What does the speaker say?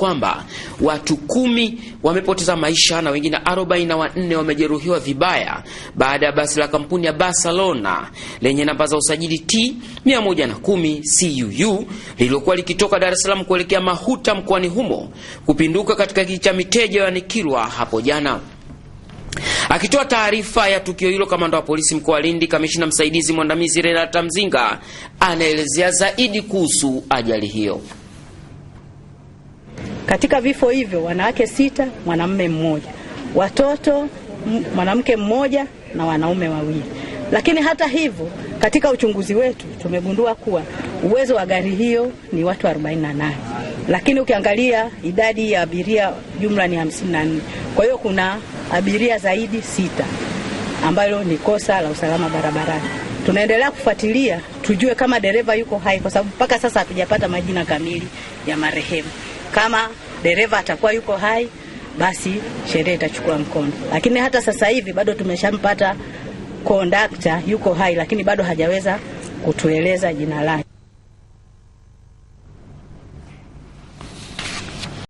kwamba watu kumi wamepoteza maisha na wengine arobaini na wanne wamejeruhiwa vibaya baada ya basi la kampuni ya Barcelona lenye namba za usajili T 110 CUU lililokuwa likitoka Dar es Salaam kuelekea Mahuta mkoani humo kupinduka katika kijiji cha Miteja yanikirwa hapo jana. Akitoa taarifa ya tukio hilo, kamanda wa polisi mkoa wa Lindi, kamishina msaidizi mwandamizi Renata Mzinga anaelezea zaidi kuhusu ajali hiyo. Katika vifo hivyo wanawake sita, mwanamume mmoja, watoto mwanamke mmoja na wanaume wawili. Lakini hata hivyo, katika uchunguzi wetu tumegundua kuwa uwezo wa gari hiyo ni watu 48 lakini ukiangalia idadi ya abiria jumla ni 54. Kwa hiyo kuna abiria zaidi sita, ambalo ni kosa la usalama barabarani. Tunaendelea kufuatilia tujue kama dereva yuko hai, kwa sababu mpaka sasa hatujapata majina kamili ya marehemu. Kama dereva atakuwa yuko hai, basi sherehe itachukua mkondo. Lakini hata sasa hivi bado tumeshampata kondakta yuko hai, lakini bado hajaweza kutueleza jina lake.